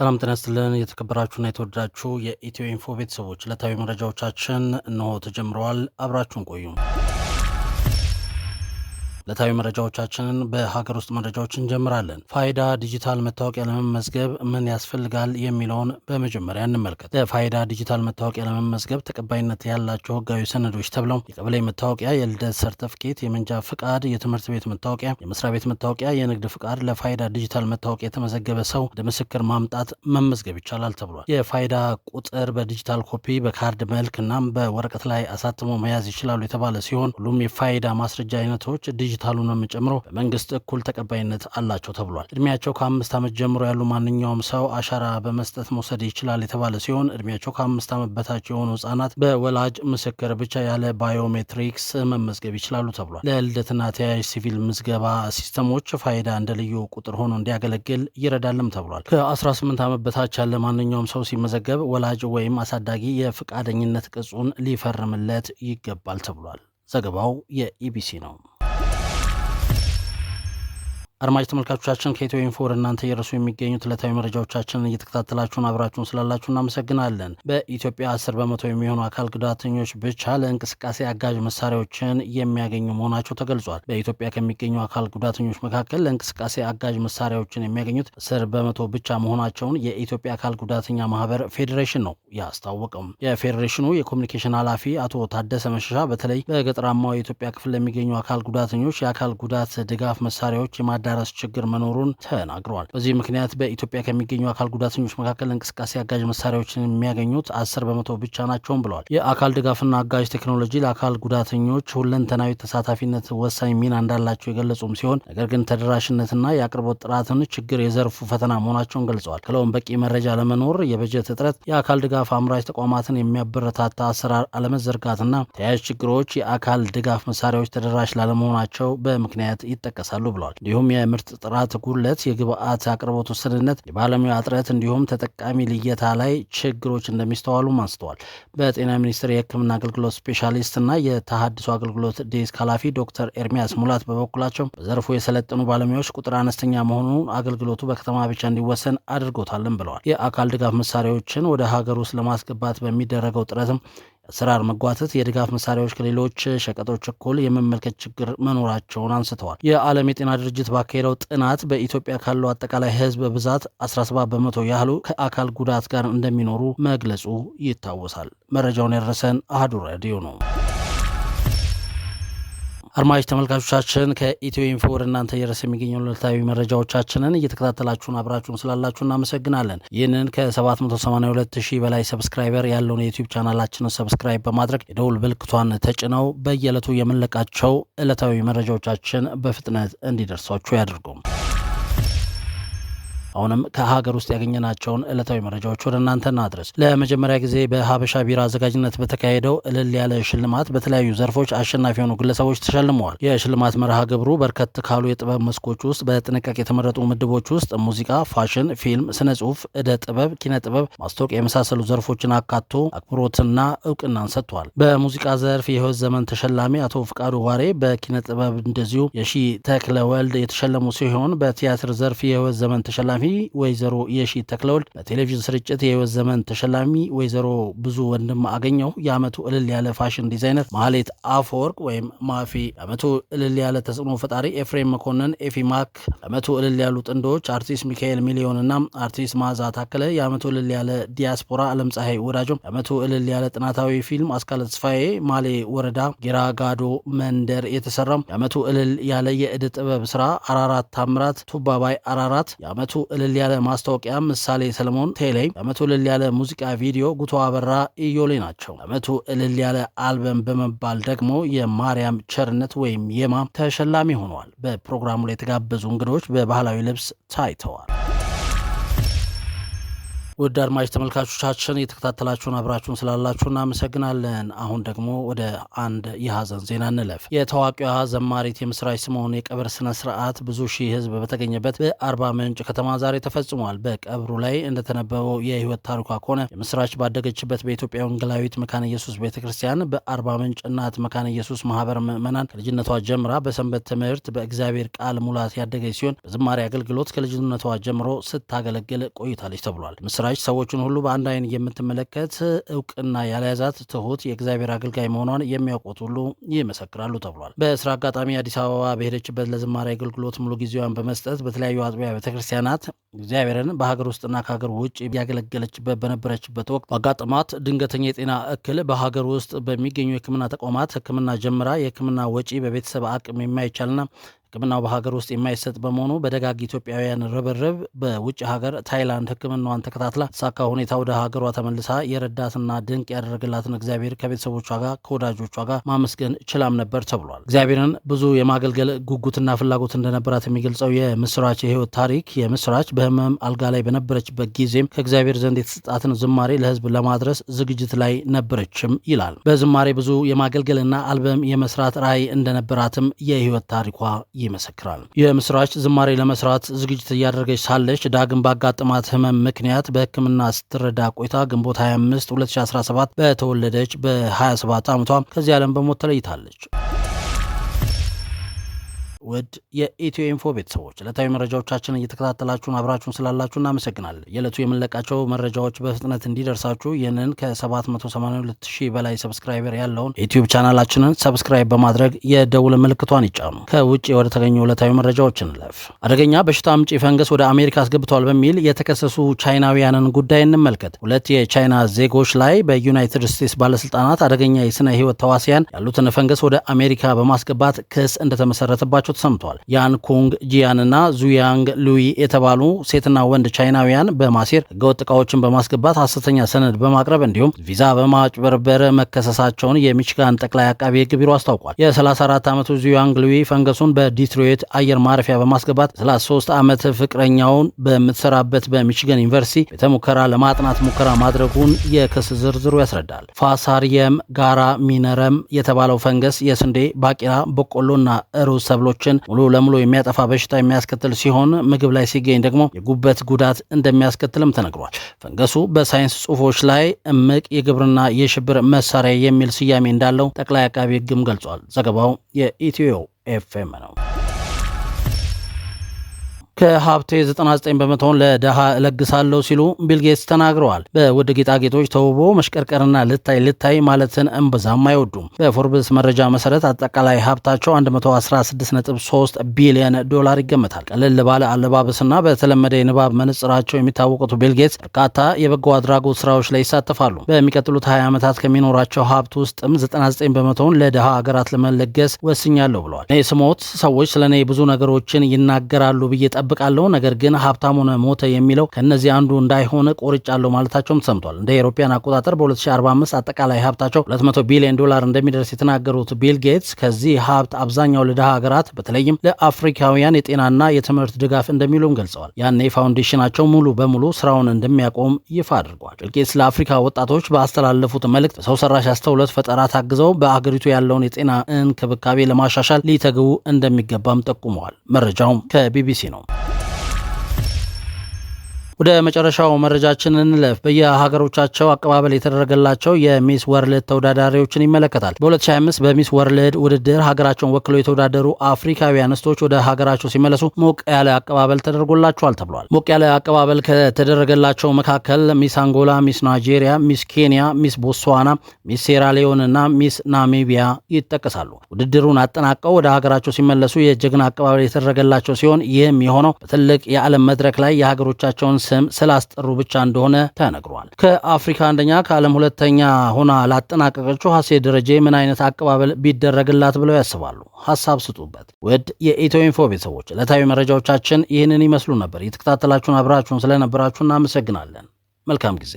ሰላም ጤና ይስጥልን የተከበራችሁና የተወደዳችሁ የኢትዮ ኢንፎ ቤተሰቦች ዕለታዊ መረጃዎቻችን እነሆ ተጀምረዋል። አብራችሁን ቆዩም። ዕለታዊ መረጃዎቻችንን በሀገር ውስጥ መረጃዎች እንጀምራለን። ፋይዳ ዲጂታል መታወቂያ ለመመዝገብ ምን ያስፈልጋል የሚለውን በመጀመሪያ እንመልከት። ለፋይዳ ዲጂታል መታወቂያ ለመመዝገብ ተቀባይነት ያላቸው ህጋዊ ሰነዶች ተብለው የቀበሌ መታወቂያ፣ የልደት ሰርተፍኬት፣ የመንጃ ፍቃድ፣ የትምህርት ቤት መታወቂያ፣ የመስሪያ ቤት መታወቂያ፣ የንግድ ፍቃድ ለፋይዳ ዲጂታል መታወቂያ የተመዘገበ ሰው ወደ ምስክር ማምጣት መመዝገብ ይቻላል ተብሏል። የፋይዳ ቁጥር በዲጂታል ኮፒ፣ በካርድ መልክ እናም በወረቀት ላይ አሳትሞ መያዝ ይችላሉ የተባለ ሲሆን ሁሉም የፋይዳ ማስረጃ አይነቶች ዲጂታሉንም ጨምሮ በመንግስት እኩል ተቀባይነት አላቸው ተብሏል። እድሜያቸው ከአምስት ዓመት ጀምሮ ያሉ ማንኛውም ሰው አሻራ በመስጠት መውሰድ ይችላል የተባለ ሲሆን እድሜያቸው ከአምስት ዓመት በታች የሆኑ ህጻናት በወላጅ ምስክር ብቻ ያለ ባዮሜትሪክስ መመዝገብ ይችላሉ ተብሏል። ለልደትና ተያያዥ ሲቪል ምዝገባ ሲስተሞች ፋይዳ እንደ ልዩ ቁጥር ሆኖ እንዲያገለግል ይረዳልም ተብሏል። ከ18 ዓመት በታች ያለ ማንኛውም ሰው ሲመዘገብ ወላጅ ወይም አሳዳጊ የፈቃደኝነት ቅጹን ሊፈርምለት ይገባል ተብሏል። ዘገባው የኢቢሲ ነው። አድማጭ ተመልካቾቻችን ከኢትዮ ኢንፎ ወደ እናንተ እየደረሱ የሚገኙት ዕለታዊ መረጃዎቻችንን እየተከታተላችሁን አብራችሁን ስላላችሁ እናመሰግናለን። በኢትዮጵያ አስር በመቶ የሚሆኑ አካል ጉዳተኞች ብቻ ለእንቅስቃሴ አጋዥ መሳሪያዎችን የሚያገኙ መሆናቸው ተገልጿል። በኢትዮጵያ ከሚገኙ አካል ጉዳተኞች መካከል ለእንቅስቃሴ አጋዥ መሳሪያዎችን የሚያገኙት አስር በመቶ ብቻ መሆናቸውን የኢትዮጵያ አካል ጉዳተኛ ማህበር ፌዴሬሽን ነው ያስታወቀም። የፌዴሬሽኑ የኮሚኒኬሽን ኃላፊ አቶ ታደሰ መሸሻ በተለይ በገጠራማው የኢትዮጵያ ክፍል ለሚገኙ አካል ጉዳተኞች የአካል ጉዳት ድጋፍ መሳሪያዎች የማዳ የመዳረስ ችግር መኖሩን ተናግረዋል። በዚህ ምክንያት በኢትዮጵያ ከሚገኙ አካል ጉዳተኞች መካከል እንቅስቃሴ አጋዥ መሳሪያዎችን የሚያገኙት አስር በመቶ ብቻ ናቸውም ብለዋል። የአካል ድጋፍና አጋዥ ቴክኖሎጂ ለአካል ጉዳተኞች ሁለንተናዊ ተሳታፊነት ወሳኝ ሚና እንዳላቸው የገለጹም ሲሆን ነገር ግን ተደራሽነትና የአቅርቦት ጥራትን ችግር የዘርፉ ፈተና መሆናቸውን ገልጸዋል። ክለውም በቂ መረጃ ለመኖር የበጀት እጥረት፣ የአካል ድጋፍ አምራች ተቋማትን የሚያበረታታ አሰራር አለመዘርጋትና ተያያዥ ችግሮች የአካል ድጋፍ መሳሪያዎች ተደራሽ ላለመሆናቸው በምክንያት ይጠቀሳሉ ብለዋል። እንዲሁም የምርት ጥራት ጉድለት፣ የግብአት አቅርቦት ውስንነት፣ የባለሙያ እጥረት እንዲሁም ተጠቃሚ ልየታ ላይ ችግሮች እንደሚስተዋሉም አንስተዋል። በጤና ሚኒስቴር የሕክምና አገልግሎት ስፔሻሊስትና የተሃድሶ አገልግሎት ዴስክ ኃላፊ ዶክተር ኤርሚያስ ሙላት በበኩላቸው በዘርፉ የሰለጠኑ ባለሙያዎች ቁጥር አነስተኛ መሆኑን አገልግሎቱ በከተማ ብቻ እንዲወሰን አድርጎታልም ብለዋል። የአካል ድጋፍ መሳሪያዎችን ወደ ሀገር ውስጥ ለማስገባት በሚደረገው ጥረትም አሰራር መጓተት፣ የድጋፍ መሳሪያዎች ከሌሎች ሸቀጦች እኩል የመመልከት ችግር መኖራቸውን አንስተዋል። የዓለም የጤና ድርጅት ባካሄደው ጥናት በኢትዮጵያ ካለው አጠቃላይ ሕዝብ ብዛት 17 በመቶ ያህሉ ከአካል ጉዳት ጋር እንደሚኖሩ መግለጹ ይታወሳል። መረጃውን ያደረሰን አህዱ ሬዲዮ ነው። አድማጭ ተመልካቾቻችን ከኢትዮ ኢንፎ ወደ እናንተ እየደረሰ የሚገኘው ዕለታዊ መረጃዎቻችንን እየተከታተላችሁን አብራችሁን ስላላችሁ እናመሰግናለን። ይህንን ከ782 ሺህ በላይ ሰብስክራይበር ያለውን የዩቲዩብ ቻናላችንን ሰብስክራይብ በማድረግ የደውል ምልክቷን ተጭነው በየዕለቱ የምንለቃቸው ዕለታዊ መረጃዎቻችን በፍጥነት እንዲደርሷችሁ ያድርጉም። አሁንም ከሀገር ውስጥ ያገኘናቸውን ዕለታዊ መረጃዎች ወደ እናንተ እናድረስ። ለመጀመሪያ ጊዜ በሀበሻ ቢራ አዘጋጅነት በተካሄደው እልል ያለ ሽልማት በተለያዩ ዘርፎች አሸናፊ የሆኑ ግለሰቦች ተሸልመዋል። የሽልማት መርሃ ግብሩ በርከት ካሉ የጥበብ መስኮች ውስጥ በጥንቃቄ የተመረጡ ምድቦች ውስጥ ሙዚቃ፣ ፋሽን፣ ፊልም፣ ስነ ጽሁፍ፣ እደ ጥበብ፣ ኪነ ጥበብ፣ ማስታወቂያ የመሳሰሉ ዘርፎችን አካቶ አክብሮትና እውቅናን ሰጥቷል። በሙዚቃ ዘርፍ የህይወት ዘመን ተሸላሚ አቶ ፍቃዱ ዋሬ፣ በኪነ ጥበብ እንደዚሁ የሺ ተክለ ወልድ የተሸለሙ ሲሆን በቲያትር ዘርፍ የህይወት ዘመን ተሸላሚ ተሸላሚ ወይዘሮ የሺ ተክለወልድ፣ በቴሌቪዥን ስርጭት የህይወት ዘመን ተሸላሚ ወይዘሮ ብዙ ወንድም አገኘው፣ የአመቱ እልል ያለ ፋሽን ዲዛይነር ማህሌት አፈወርቅ ወይም ማፊ፣ የአመቱ እልል ያለ ተጽዕኖ ፈጣሪ ኤፍሬም መኮንን ኤፊ ማክ፣ የአመቱ እልል ያሉ ጥንዶች አርቲስት ሚካኤል ሚሊዮንና አርቲስት ማዛ ታከለ፣ የአመቱ እልል ያለ ዲያስፖራ አለም ፀሐይ ወዳጆም፣ የአመቱ እልል ያለ ጥናታዊ ፊልም አስካለ ተስፋዬ ማሌ ወረዳ ጌራ ጋዶ መንደር የተሰራም የአመቱ እልል ያለ የእድ ጥበብ ስራ አራራት ታምራት ቱባባይ አራራት፣ የአመቱ እልል ያለ ማስታወቂያ ምሳሌ ሰለሞን ቴሌ፣ በመቶ እልል ያለ ሙዚቃ ቪዲዮ ጉቶ አበራ ኢዮሌ ናቸው። በመቶ እልል ያለ አልበም በመባል ደግሞ የማርያም ቸርነት ወይም የማ ተሸላሚ ሆነዋል። በፕሮግራሙ ላይ የተጋበዙ እንግዶች በባህላዊ ልብስ ታይተዋል። ውድ አድማጭ ተመልካቾቻችን የተከታተላችሁን አብራችሁን ስላላችሁ እናመሰግናለን። አሁን ደግሞ ወደ አንድ የሀዘን ዜና እንለፍ። የታዋቂዋ ዘማሪት የምስራች ስምኦን የቀብር ስነ ስርዓት ብዙ ሺህ ህዝብ በተገኘበት በአርባ ምንጭ ከተማ ዛሬ ተፈጽሟል። በቀብሩ ላይ እንደተነበበው የህይወት ታሪኳ ከሆነ የምስራች ባደገችበት በኢትዮጵያ ወንጌላዊት መካነ ኢየሱስ ቤተ ክርስቲያን በአርባ ምንጭ እናት መካነ ኢየሱስ ማህበር ምዕመናን ከልጅነቷ ጀምራ በሰንበት ትምህርት በእግዚአብሔር ቃል ሙላት ያደገች ሲሆን በዝማሬ አገልግሎት ከልጅነቷ ጀምሮ ስታገለግል ቆይታለች ተብሏል። የተሰራች ሰዎችን ሁሉ በአንድ አይን የምትመለከት እውቅና ያለያዛት ትሁት የእግዚአብሔር አገልጋይ መሆኗን የሚያውቁት ሁሉ ይመሰክራሉ ተብሏል። በስራ አጋጣሚ አዲስ አበባ በሄደችበት ለዝማሬ አገልግሎት ሙሉ ጊዜዋን በመስጠት በተለያዩ አጥቢያ ቤተክርስቲያናት እግዚአብሔርን በሀገር ውስጥና ከሀገር ውጭ ያገለገለችበት በነበረችበት ወቅት አጋጥሟት ድንገተኛ የጤና እክል በሀገር ውስጥ በሚገኙ የሕክምና ተቋማት ሕክምና ጀምራ የሕክምና ወጪ በቤተሰብ አቅም የማይቻልና ሕክምናው በሀገር ውስጥ የማይሰጥ በመሆኑ በደጋግ ኢትዮጵያውያን ርብርብ በውጭ ሀገር ታይላንድ ሕክምናዋን ተከታትላ ሳካ ሁኔታ ወደ ሀገሯ ተመልሳ የረዳትና ድንቅ ያደረግላትን እግዚአብሔር ከቤተሰቦቿ ጋር ከወዳጆቿ ጋር ማመስገን ችላም ነበር ተብሏል። እግዚአብሔርን ብዙ የማገልገል ጉጉትና ፍላጎት እንደነበራት የሚገልጸው የምስራች የህይወት ታሪክ የምስራች በህመም አልጋ ላይ በነበረችበት ጊዜም ከእግዚአብሔር ዘንድ የተሰጣትን ዝማሬ ለህዝብ ለማድረስ ዝግጅት ላይ ነበረችም ይላል። በዝማሬ ብዙ የማገልገልና አልበም የመስራት ራዕይ እንደነበራትም የህይወት ታሪኳ ይመሰክራል። የምስራች ዝማሬ ለመስራት ዝግጅት እያደረገች ሳለች ዳግም ባጋጥማት ህመም ምክንያት በሕክምና ስትረዳ ቆይታ ግንቦት 25 2017 በተወለደች በ27 ዓመቷ ከዚህ ዓለም በሞት ተለይታለች። ውድ የኢትዮ ኢንፎ ቤተሰቦች ዕለታዊ መረጃዎቻችን እየተከታተላችሁን አብራችሁን ስላላችሁ እናመሰግናለን። የዕለቱ የምንለቃቸው መረጃዎች በፍጥነት እንዲደርሳችሁ ይህንን ከ782 ሺህ በላይ ሰብስክራይበር ያለውን ዩትዩብ ቻናላችንን ሰብስክራይብ በማድረግ የደውል ምልክቷን ይጫኑ። ከውጭ ወደ ተገኙ ዕለታዊ መረጃዎች እንለፍ። አደገኛ በሽታ አምጪ ፈንገስ ወደ አሜሪካ አስገብተዋል በሚል የተከሰሱ ቻይናውያንን ጉዳይ እንመልከት። ሁለት የቻይና ዜጎች ላይ በዩናይትድ ስቴትስ ባለስልጣናት አደገኛ የስነ ህይወት ተዋሲያን ያሉትን ፈንገስ ወደ አሜሪካ በማስገባት ክስ እንደተመሰረተባቸው ሲጫወት ሰምቷል። ያን ኩንግ ጂያንና ዙያንግ ሉዊ የተባሉ ሴትና ወንድ ቻይናውያን በማሴር ህገወጥ እቃዎችን በማስገባት ሐሰተኛ ሰነድ በማቅረብ እንዲሁም ቪዛ በማጭበርበር መከሰሳቸውን የሚችጋን ጠቅላይ አቃቢ ህግ ቢሮ አስታውቋል። የ34 ዓመቱ ዙያንግ ሉዊ ፈንገሱን በዲትሮይት አየር ማረፊያ በማስገባት 33 ዓመት ፍቅረኛውን በምትሰራበት በሚችገን ዩኒቨርሲቲ ቤተሙከራ ለማጥናት ሙከራ ማድረጉን የክስ ዝርዝሩ ያስረዳል። ፋሳሪየም ጋራ ሚነረም የተባለው ፈንገስ የስንዴ ባቄላ፣ በቆሎና ሩዝ ሰብሎች ሴሎችን ሙሉ ለሙሉ የሚያጠፋ በሽታ የሚያስከትል ሲሆን ምግብ ላይ ሲገኝ ደግሞ የጉበት ጉዳት እንደሚያስከትልም ተነግሯል። ፈንገሱ በሳይንስ ጽሁፎች ላይ እምቅ የግብርና የሽብር መሳሪያ የሚል ስያሜ እንዳለው ጠቅላይ አቃቢ ህግም ገልጿል። ዘገባው የኢትዮ ኤፍኤም ነው። ከሀብቴ 99 በመቶውን ለድሃ እለግሳለሁ ሲሉ ቢልጌትስ ተናግረዋል። በውድ ጌጣጌጦች ተውቦ መሽቀርቀርና ልታይ ልታይ ማለትን እምብዛም አይወዱም። በፎርብስ መረጃ መሰረት አጠቃላይ ሀብታቸው 116.3 ቢሊዮን ዶላር ይገመታል። ቀለል ባለ አለባበስና በተለመደ የንባብ መነጽራቸው የሚታወቁት ቢልጌትስ በርካታ የበጎ አድራጎት ስራዎች ላይ ይሳተፋሉ። በሚቀጥሉት 20 ዓመታት ከሚኖራቸው ሀብት ውስጥም 99 በመቶውን ለድሃ ሀገራት ለመለገስ ወስኛለሁ ብለዋል። እኔ ስሞት ሰዎች ስለ እኔ ብዙ ነገሮችን ይናገራሉ ብዬ እጠብቃለሁ፣ ነገር ግን ሀብታም ሆነ ሞተ የሚለው ከእነዚህ አንዱ እንዳይሆነ ቆርጫለሁ ማለታቸውም ሰምቷል። እንደ ኤሮፓያን አቆጣጠር በ2045 አጠቃላይ ሀብታቸው 200 ቢሊዮን ዶላር እንደሚደርስ የተናገሩት ቢል ጌትስ ከዚህ ሀብት አብዛኛው ለድሃ ሀገራት በተለይም ለአፍሪካውያን የጤናና የትምህርት ድጋፍ እንደሚሉም ገልጸዋል። ያኔ ፋውንዴሽናቸው ሙሉ በሙሉ ስራውን እንደሚያቆም ይፋ አድርጓል። ቢል ጌትስ ለአፍሪካ ወጣቶች ባስተላለፉት መልእክት በሰው ሰራሽ አስተውሎት ፈጠራ ታግዘው በአገሪቱ ያለውን የጤና እንክብካቤ ለማሻሻል ሊተግቡ እንደሚገባም ጠቁመዋል። መረጃውም ከቢቢሲ ነው። ወደ መጨረሻው መረጃችን እንለፍ። በየሀገሮቻቸው አቀባበል የተደረገላቸው የሚስ ወርልድ ተወዳዳሪዎችን ይመለከታል። በ2025 በሚስ ወርልድ ውድድር ሀገራቸውን ወክለው የተወዳደሩ አፍሪካዊ አንስቶች ወደ ሀገራቸው ሲመለሱ ሞቅ ያለ አቀባበል ተደርጎላቸዋል ተብሏል። ሞቅ ያለ አቀባበል ከተደረገላቸው መካከል ሚስ አንጎላ፣ ሚስ ናይጄሪያ፣ ሚስ ኬንያ፣ ሚስ ቦትስዋና፣ ሚስ ሴራሊዮን እና ሚስ ናሚቢያ ይጠቀሳሉ። ውድድሩን አጠናቀው ወደ ሀገራቸው ሲመለሱ የጀግና አቀባበል የተደረገላቸው ሲሆን ይህም የሆነው በትልቅ የዓለም መድረክ ላይ የሀገሮቻቸውን ስም ስላስጠሩ ብቻ እንደሆነ ተነግሯል። ከአፍሪካ አንደኛ ከዓለም ሁለተኛ ሆና ላጠናቀቀችው ሀሴ ደረጀ ምን አይነት አቀባበል ቢደረግላት ብለው ያስባሉ? ሀሳብ ስጡበት። ውድ የኢትዮ ኢንፎ ቤተሰቦች ዕለታዊ መረጃዎቻችን ይህንን ይመስሉ ነበር። የተከታተላችሁን አብራችሁን ስለነበራችሁ እናመሰግናለን። መልካም ጊዜ